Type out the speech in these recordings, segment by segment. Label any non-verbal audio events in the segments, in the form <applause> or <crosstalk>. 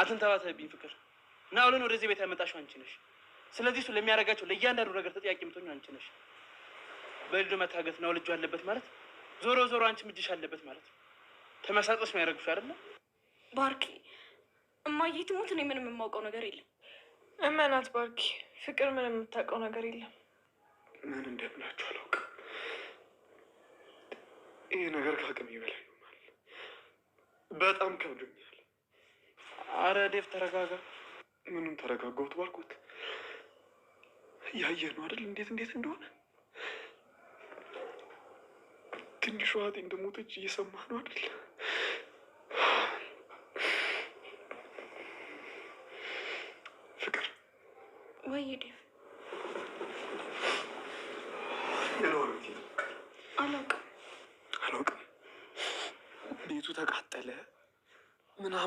አትንተባተብኝ ፍቅር። አሁን ወደዚህ ቤት ያመጣሽው አንቺ ነሽ። ስለዚህ እሱ ለሚያደርጋቸው ለእያንዳንዱ ነገር ተጠያቂ የምትሆኚው አንቺ ነሽ። በልዱ መታገት ነው እጁ አለበት ማለት ዞሮ ዞሮ አንቺ እጅሽ አለበት ማለት ነው። ተመሳጥሮች ነው ያደረጉሽ አይደለ? ባርኪ እማዬ ትሙት፣ እኔ ምንም የማውቀው ነገር የለም። እመናት ባርኪ፣ ፍቅር ምንም የምታውቀው ነገር የለም። ምን እንደምላችሁ አላውቅም። ይህ ነገር ከአቅሜ ይበላል በጣም ከብዶኛል። አረ ዴፍ ተረጋጋ። ምንም ተረጋጋሁት ባልኩት ያየ ነው አይደል? እንዴት እንዴት እንደሆነ ትንሿ እህቴ እንደሞተች እየሰማ ነው አይደል? ፍቅር ወይ ዴፍ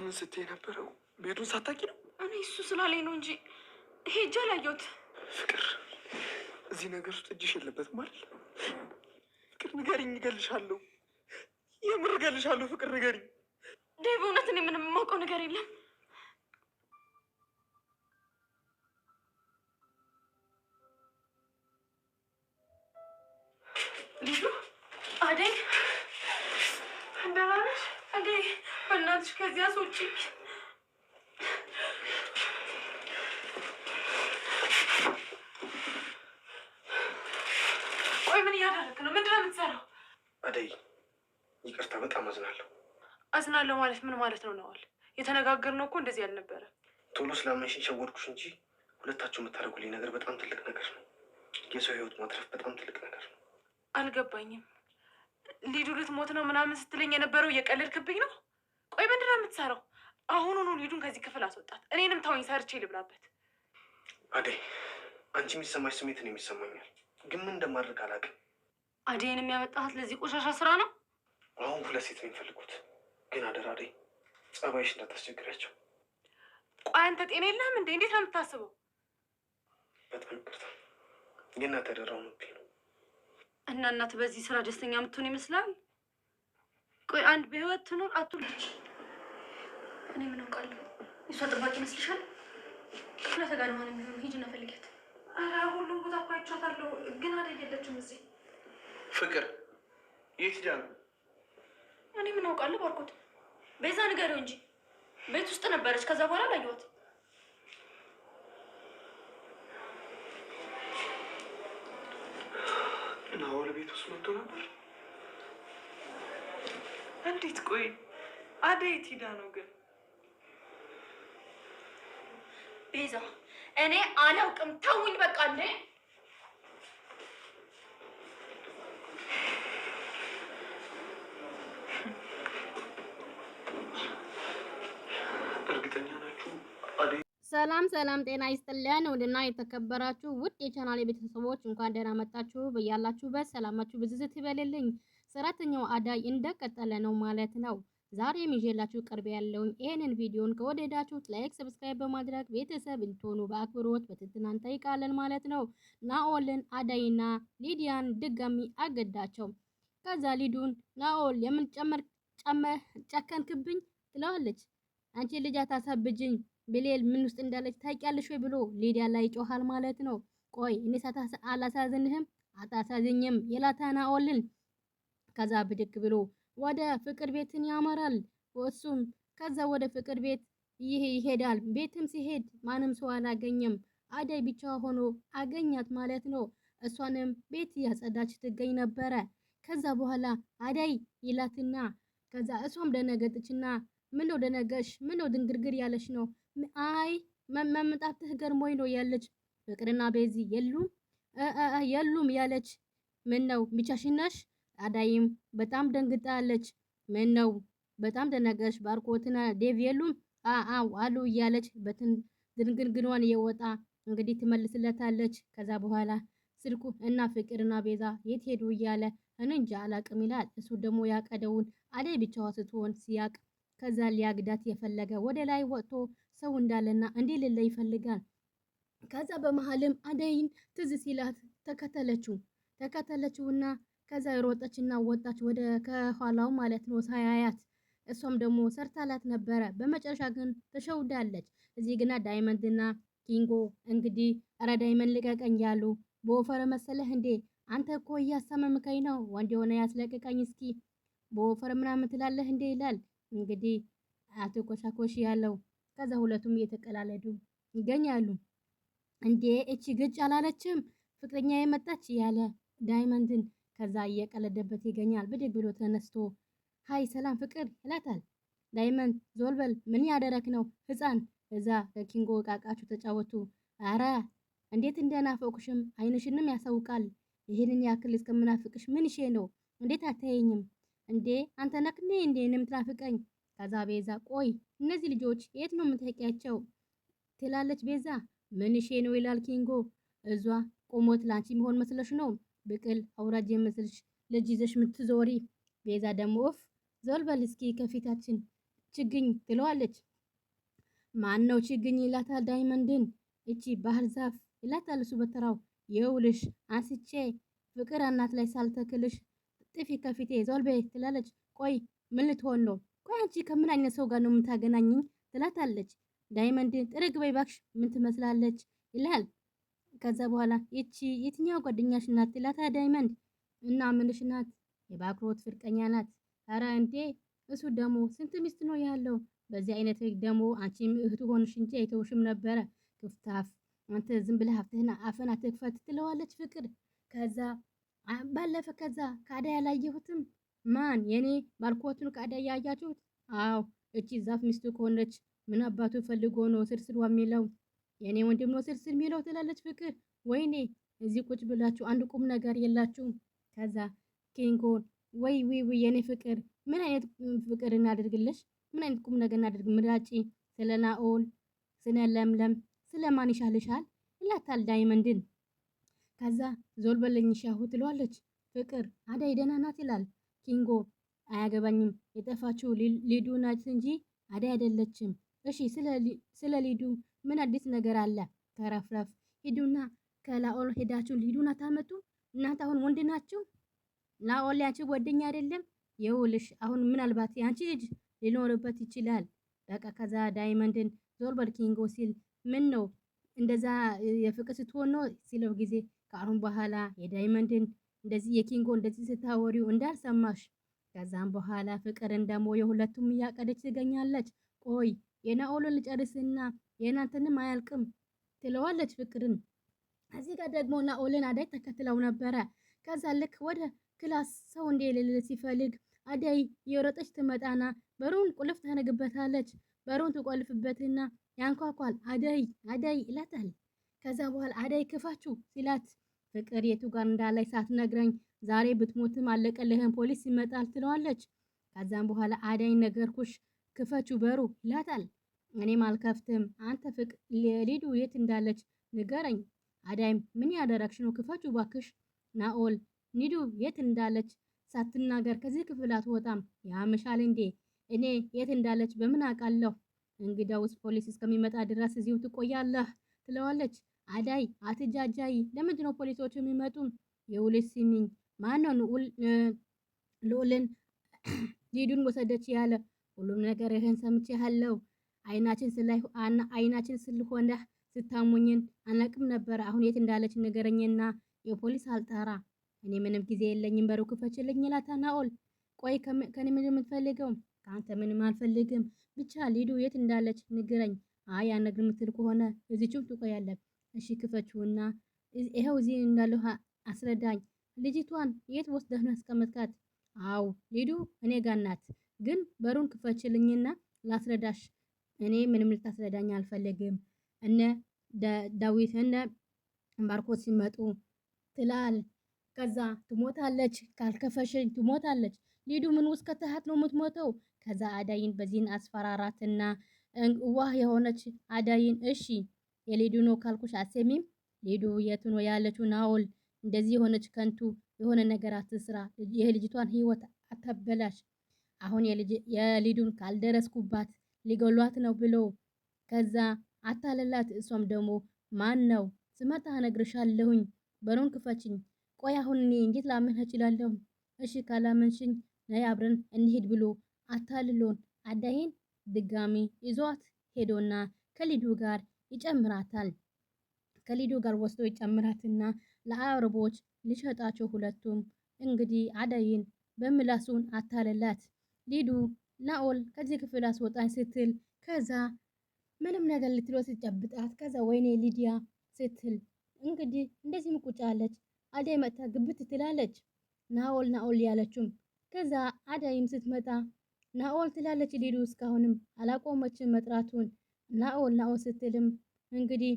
ምን ስትይ ነበረው? ቤቱን ሳታቂ ነው? እኔ እሱ ስላለኝ ነው እንጂ ሄጄ አላየሁት። ፍቅር እዚህ ነገር ውስጥ እጅሽ የለበትም አይደል? ፍቅር ንገሪኝ፣ እገልሻለሁ። የምር እገልሻለሁ። ፍቅር ንገሪኝ ዴቭ። እውነት እኔ ምንም የማውቀው ነገር የለም። አደይ እንዴ በእናትሽ ከዚያ ውጪ ቆይ ምን እያደረግህ ነው ምንድን ነው የምትሰራው አደይ ይቅርታ በጣም አዝናለሁ አዝናለሁ ማለት ምን ማለት ነው ነዋል የተነጋገርነው እኮ እንደዚህ ያልነበረ ቶሎ ስላመንሽኝ ሸወድኩሽ እንጂ ሁለታችሁ የምታደርጉልኝ ነገር በጣም ትልቅ ነገር ነው የሰው ህይወት ማትረፍ በጣም ትልቅ ነገር ነው አልገባኝም ሊዱ ልትሞት ነው ምናምን ስትለኝ የነበረው ክብኝ ነው። ቆይ ምንድን ነው የምትሰራው? አሁኑኑ ሊዱን ከዚህ ክፍል አስወጣት። እኔንም ታወኝ፣ ሰርቼ ልብላበት። አዴ አንቺ የሚሰማሽ ስሜት ነው የሚሰማኛል፣ ግን ምን እንደማድረግ አላውቅም። አዴን የሚያመጣት ለዚህ ቆሻሻ ስራ ነው። አሁን ሁለት ሴት ነው የሚፈልጉት፣ ግን አደራ አዴ ጸባይሽ እንዳታስቸግሪያቸው። ቆይ አንተ ጤና የለህም እንዴ? እንዴት ነው የምታስበው? በጣም ይቅርታ፣ ግን ተደራው ነው እና እናት በዚህ ስራ ደስተኛ የምትሆን ይመስላል? ቆይ አንድ በህይወት ትኖር አትልች። እኔ ምን አውቃለሁ? እሷ ጥባቂ ይመስልሻል? ክፍለ ጋር ማን የሚሆኑ ሂጂና ፈልጊያት። ኧረ ሁሉም ቦታ እኮ አይቻታለሁ፣ ግን አደ የለችም እዚህ። ፍቅር የት ሂዳ ነው? እኔ ምን አውቃለሁ? ባርኮት ቤዛ ንገሪው እንጂ ቤት ውስጥ ነበረች፣ ከዛ በኋላ ላየኋት ናኦል ቤት ውስጥ መጥቶ ነበር። እንዴት? ቆይ አደይ የት ነው ግን? ቤዛ፣ እኔ አላውቅም። ተውኝ በቃ። ሰላም ሰላም፣ ጤና ይስጥልን ውድና የተከበራችሁ ውድ የቻናል ቤተሰቦች እንኳን ደህና መጣችሁ። በያላችሁበት ሰላማችሁ ብዝዝት ይበልልኝ። ሰራተኛው አዳይ እንደቀጠለ ነው ማለት ነው። ዛሬ ይዤላችሁ ቅርብ ያለውን ይህንን ቪዲዮን ከወደዳችሁት ላይክ፣ ሰብስክራይብ በማድረግ ቤተሰብ እንድትሆኑ በአክብሮት በትህትና እንጠይቃለን ማለት ነው። ናኦልን አዳይና ሊዲያን ድጋሚ አገዳቸው። ከዛ ሊዱን ናኦል የምን ጨመር ጨመር ጨከንክብኝ ትለዋለች። አንቺ ልጅ አታሳብጅኝ ብሌል ምን ውስጥ እንዳለች ታውቂያለሽ ወይ ብሎ ሊዲያ ላይ ጮሃል ማለት ነው። ቆይ እኔ አላሳዝንህም? አታሳዝኝም ኦልን ከዛ ብድግ ብሎ ወደ ፍቅር ቤትን ያመራል። እሱም ከዛ ወደ ፍቅር ቤት ይሄ ይሄዳል። ቤትም ሲሄድ ማንም ሰው አላገኘም። አደይ ብቻ ሆኖ አገኛት ማለት ነው። እሷንም ቤት እያጸዳች ትገኝ ነበረ። ከዛ በኋላ አደይ ይላትና ከዛ እሷም ደነገጥችና ምን ነው ደነገሽ? ምን ነው ድንግርግር ያለሽ ነው? አይ መምጣትህ ገርሞኝ ነው ያለች ፍቅርና ቤዚ የሉም የሉም ያለች ምን ነው ብቻሽን ነሽ? አዳይም በጣም ደንግጣለች። ምን ነው በጣም ደነገሽ? ባርኮትና ዴቭ የሉም አዎ አሉ እያለች በትን ድንግርግሯን እየወጣ እንግዲህ ትመልስለታለች። ከዛ በኋላ ስልኩ እና ፍቅርና ቤዛ የት ሄዱ እያለ እኔ እንጃ አላቅም ይላል። እሱ ደግሞ ያቀደውን አዳይ ብቻዋ ስትሆን ሲያቅ ከዛ ሊያግዳት የፈለገ ወደ ላይ ወጥቶ ሰው እንዳለና እንዲህ ልለ ይፈልጋል። ከዛ በመሃልም አደይን ትዝ ሲላት ተከተለችው ተከተለችውና ከዛ የሮጠችና ወጣች ወደ ከኋላው ማለት ነው ሳያያት። እሷም ደግሞ ሰርታላት ነበረ። በመጨረሻ ግን ተሸውዳለች። እዚህ ግና ዳይመንድና ኪንጎ እንግዲህ እረ ዳይመንድ ልቀቀኝ ያሉ በወፈረ መሰለህ እንዴ አንተ እኮ እያሳመምከኝ ነው ወንድ የሆነ ያስለቅቀኝ እስኪ በወፈር ምናምን ትላለህ እንዴ ይላል። እንግዲህ አትኮሻኮሽ ያለው ከዛ ሁለቱም እየተቀላለዱ ይገኛሉ። እንዴ እቺ ግጭ አላለችም ፍቅረኛ የመጣች ያለ ዳይመንድን ከዛ እየቀለደበት ይገኛል። ብድግ ብሎ ተነስቶ ሀይ ሰላም ፍቅር ይላታል። ዳይመንድ ዞልበል ምን ያደረክ ነው ህፃን? እዛ ከኪንጎ እቃቃችሁ ተጫወቱ። አረ እንዴት እንደናፈቁሽም አይንሽንም ያሳውቃል። ይህንን ያክል እስከምናፍቅሽ ምን ሼ ነው እንዴት አታየኝም? እንዴ አንተ ነህ እንዴ የምትናፍቀኝ? ከዛ ቤዛ ቆይ እነዚህ ልጆች የት ነው የምትሄቂያቸው? ትላለች ቤዛ። ምንሼ ነው ይላል ኪንጎ። እዟ ቆሞት ላንቺ የሚሆን መስለሽ ነው ብቅል አውራጅ የምስልሽ ልጅ ይዘሽ ምትዞሪ። ቤዛ ደግሞ ኦፍ ዘልበል እስኪ ከፊታችን ችግኝ ትለዋለች። ማን ነው ችግኝ ይላታል ዳይመንድን። እቺ ባህር ዛፍ ይላታል እሱ በተራው የውልሽ አንስቼ ፍቅር አናት ላይ ሳልተክልሽ ጥፊ ከፊቴ ይዟል። በይ ትላለች። ቆይ ምን ልትሆን ነው? ቆይ አንቺ ከምን አይነት ሰው ጋር ነው የምታገናኝኝ? ትላታለች። ዳይመንድ ጥርግ በይ ባክሽ፣ ምን ትመስላለች ይላል። ከዛ በኋላ ይቺ የትኛው ጓደኛሽ ናት? ትላታ ዳይመንድ እና ምንሽ ናት? የባክሮት ፍርቀኛ ናት። አረ እንዴ እሱ ደግሞ ስንት ሚስት ነው ያለው? በዚህ አይነት ደግሞ አንቺም እህቱ ሆንሽ እንጂ አይተውሽም ነበረ። ክፍታፍ አንተ ዝም ብለህ አፍህን አትክፈት ትለዋለች ፍቅር ከዛ ባለፈ ከዛ ከአዳይ ያላየሁትም ማን የኔ ባልኮቱን ከአዳይ ያያችሁት? አዎ እቺ ዛፍ ሚስቱ ከሆነች ምን አባቱ ፈልጎ ነው ስርስር የሚለው የኔ ወንድም ነው ስርስር የሚለው ትላለች ፍቅር። ወይኔ እዚህ ቁጭ ብላችሁ አንድ ቁም ነገር የላችሁም። ከዛ ኪንጎን ወይ ወይ ወይ የኔ ፍቅር ምን አይነት ፍቅር እናደርግልሽ? ምን አይነት ቁም ነገር እናደርግ? ምራጪ ስለ ናኦል ስለ ለምለም ስለ ማን ይሻልሻል? ዳይመንድን ከዛ ዞል በለኝ ሻሁ ትለዋለች። ፍቅር አዳይ ደህና ናት ይላል ኪንጎ። አያገባኝም የጠፋችው ሊዱ ናት እንጂ አዳይ አይደለችም። እሺ ስለ ሊዱ ምን አዲስ ነገር አለ? ከረፍረፍ ሂዱና ከላኦል ሄዳችሁ ሊዱና ታመጡ። እናንተ አሁን ወንድ ናችሁ። ላኦል ያንቺ ጓደኛ አይደለም። የውልሽ አሁን ምናልባት ያንቺ ልጅ ሊኖርበት ይችላል። በቃ ከዛ ዳይመንድን ዞር በል ኪንጎ ሲል ምን ነው እንደዛ የፍቅር ስትሆን ነው ሲለው ጊዜ ከአሁን በኋላ የዳይመንድን እንደዚህ የኪንጎ እንደዚህ ስታወሪው እንዳልሰማሽ። ከዛም በኋላ ፍቅርን ደግሞ የሁለቱም እያቀደች ትገኛለች። ቆይ የናኦልን ልጨርስና የእናንተንም አያልቅም ትለዋለች ፍቅርን። እዚህ ጋር ደግሞ ናኦልን አዳይ ተከትለው ነበረ። ከዛ ልክ ወደ ክላስ ሰው እንደሌለ ሲፈልግ አዳይ የወረጠች ትመጣና በሩን ቁልፍ ታነግበታለች። በሩን ትቆልፍበትና ያንኳኳል። አዳይ አዳይ ይላታል። ከዛ በኋላ አዳይ ክፋችሁ ሲላት ፍቅር የቱ ጋር እንዳለች ሳትነግረኝ ዛሬ ብትሞትም አለቀልህን ፖሊስ ይመጣል ትለዋለች። ከዛም በኋላ አዳኝ ነገርኩሽ ክፈቹ በሩ ይላታል። እኔም አልከፍትም አንተ ፍቅ ሊዱ የት እንዳለች ንገረኝ። አዳይም ምን ያደረግሽ ነው? ክፈቹ ባክሽ። ናኦል ኒዱ የት እንዳለች ሳትናገር ከዚህ ክፍል አትወጣም። ያምሻል እንዴ? እኔ የት እንዳለች በምን አውቃለሁ? እንግዳውስ ፖሊስ እስከሚመጣ ድረስ እዚሁ ትቆያለህ ትለዋለች። አዳይ አትጃጃይ፣ ለምንድን ነው ፖሊሶቹ የሚመጡ? የውል ሲሚኝ ማን ነው ልዑልን <clears throat> ሊዱን ወሰደች ያለ? ሁሉም ነገር ይህን ሰምቼ ያለው አይናችን ስለይ አይናችን ስለሆነ ስታሙኝን አናቅም ነበር። አሁን የት እንዳለች ንገረኝና የፖሊስ አልጠራ እኔ ምንም ጊዜ የለኝም። በሩ ክፈችልኝ ይላታ ናኦል። ቆይ ከኔ ምን የምትፈልገው? ከአንተ ምንም አልፈልግም። ብቻ ሊዱ የት እንዳለች ንገረኝ። አይ አነግር የምትል ከሆነ እዚችም ትቆያለች። እሺ ክፈችውና ይኸው እዚህ እንዳለሁ አስረዳኝ። ልጅቷን የት ወስደህ ነው ያስቀመጥካት? አው ሊዱ እኔ ጋር ናት፣ ግን በሩን ክፈችልኝና ላስረዳሽ። እኔ ምንም ልታስረዳኝ አልፈለግም። እነ ዳዊት እነ ባርኮት ሲመጡ ትላል። ከዛ ትሞታለች፣ ካልከፈሽኝ ትሞታለች። ሊዱ ምን ውስጥ ከተሃት ነው የምትሞተው። ከዛ አዳይን በዚህን አስፈራራትና ዋህ የሆነች አዳይን እሺ የሊዱ ነው ካልኩሽ አትሰሚም? ሊዱ የት ነው ያለችው? ናኦል እንደዚህ የሆነች ከንቱ የሆነ ነገር አትስራ፣ የልጅቷን ህይወት አታበላሽ። አሁን የሊዱን ካልደረስኩባት ሊገሏት ነው ብሎ ከዛ አታለላት። እሷም ደግሞ ማን ነው ስመጣ እነግርሻለሁኝ፣ በሩን ክፈችኝ። ቆይ አሁን እኔ እንዴት ላምን እችላለሁ? እሺ ካላመንሽኝ ነይ አብረን እንሂድ ብሎ አታልሎን አዳይን ድጋሚ ይዟት ሄዶና ከሊዱ ጋር ይጨምራታል። ከሊዱ ጋር ወስዶ ይጨምራትና ለአረቦች ሊሸጣቸው ሁለቱም እንግዲህ አደይን በምላሱን አታለላት። ሊዱ ናኦል ከዚህ ክፍል አስወጣኝ ስትል ከዛ ምንም ነገር ልትሎ ስጨብጣት ከዛ ወይኔ ሊዲያ ስትል እንግዲህ እንደዚህ ምቁጫለች። አደይ መጥታ ግብት ትላለች። ናኦል ናኦል ያለችም ከዛ አደይም ስትመጣ ናኦል ትላለች። ሊዱ እስካሁንም አላቆመችን መጥራቱን ላኦን ላኦን ስትልም እንግዲህ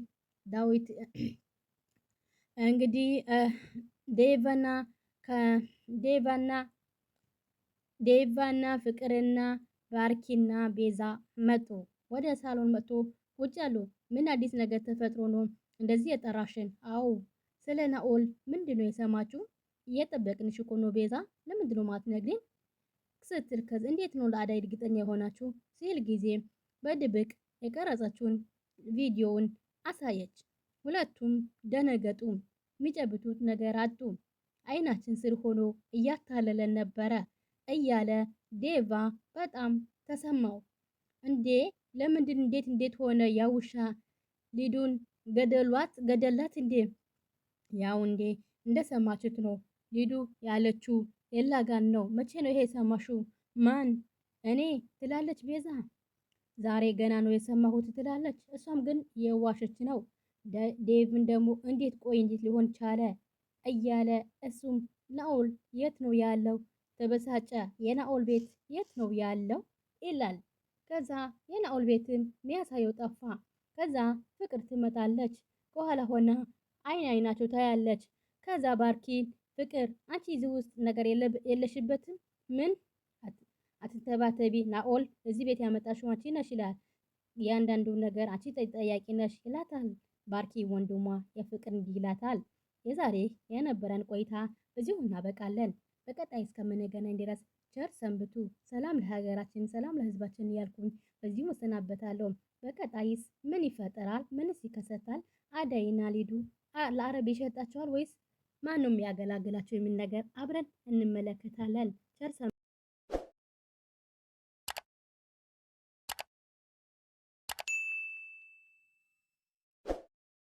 ዳዊት <clears throat> እንግዲህ ዴቫና ከዴቫና ዴቫና ፍቅርና ባርኪና ቤዛ መጡ። ወደ ሳሎን መጡ። ቁጭ አሉ። ምን አዲስ ነገር ተፈጥሮ ነው እንደዚህ የጠራሽን? አዎ ስለ ናኦል ምንድን ነው የሰማችሁ? እየጠበቅንሽ እኮ ነው። ቤዛ ለምንድን ነው ማትነግሪን? ስትል ከዚህ እንዴት ነው ለአዳይ እርግጠኛ የሆናችሁ ሲል ጊዜ በድብቅ የቀረጸችውን ቪዲዮውን አሳየች። ሁለቱም ደነገጡ። የሚጨብጡት ነገር አጡ። አይናችን ስር ሆኖ እያታለለን ነበረ እያለ ዴቫ በጣም ተሰማው። እንዴ ለምንድን እንዴት እንዴት ሆነ? ያውሻ ሊዱን ገደሏት ገደላት እንዴ? ያው እንዴ እንደሰማችሁት ነው ሊዱ ያለችው የላጋን ጋን ነው። መቼ ነው ይሄ የሰማሽው? ማን እኔ ትላለች ቤዛ ዛሬ ገና ነው የሰማሁት ትላለች። እሷም ግን የዋሸች ነው። ዴቭን ደግሞ እንዴት ቆይ እንዴት ሊሆን ቻለ እያለ እሱም ናኦል የት ነው ያለው? ተበሳጨ። የናኦል ቤት የት ነው ያለው ይላል። ከዛ የናኦል ቤትም ሚያሳየው ጠፋ። ከዛ ፍቅር ትመጣለች። ከኋላ ሆና አይን አይናቸው ታያለች። ከዛ ባርኪ ፍቅር አንቺ እዚህ ውስጥ ነገር የለሽበትም ምን ተባተቢ ናኦል እዚህ ቤት ያመጣሽው አንቺ ነሽ ይላል። እያንዳንዱ ነገር አንቺ ተጠያቂ ነሽ ይላታል። ባርኪ ወንድሟ የፍቅር እንዲህ ይላታል። የዛሬ የነበረን ቆይታ እዚሁ እናበቃለን። በቀጣይ እስከምንገናኝ ድረስ ቸር ሰንብቱ። ሰላም ለሀገራችን፣ ሰላም ለሕዝባችን እያልኩኝ በዚሁ እሰናበታለሁ። በቀጣይስ ምን ይፈጠራል? ምንስ ይከሰታል? አደይና ሊዱ ለአረብ ይሸጣቸዋል ወይስ ማንም ያገላግላቸው የሚል ነገር አብረን እንመለከታለን። ቸር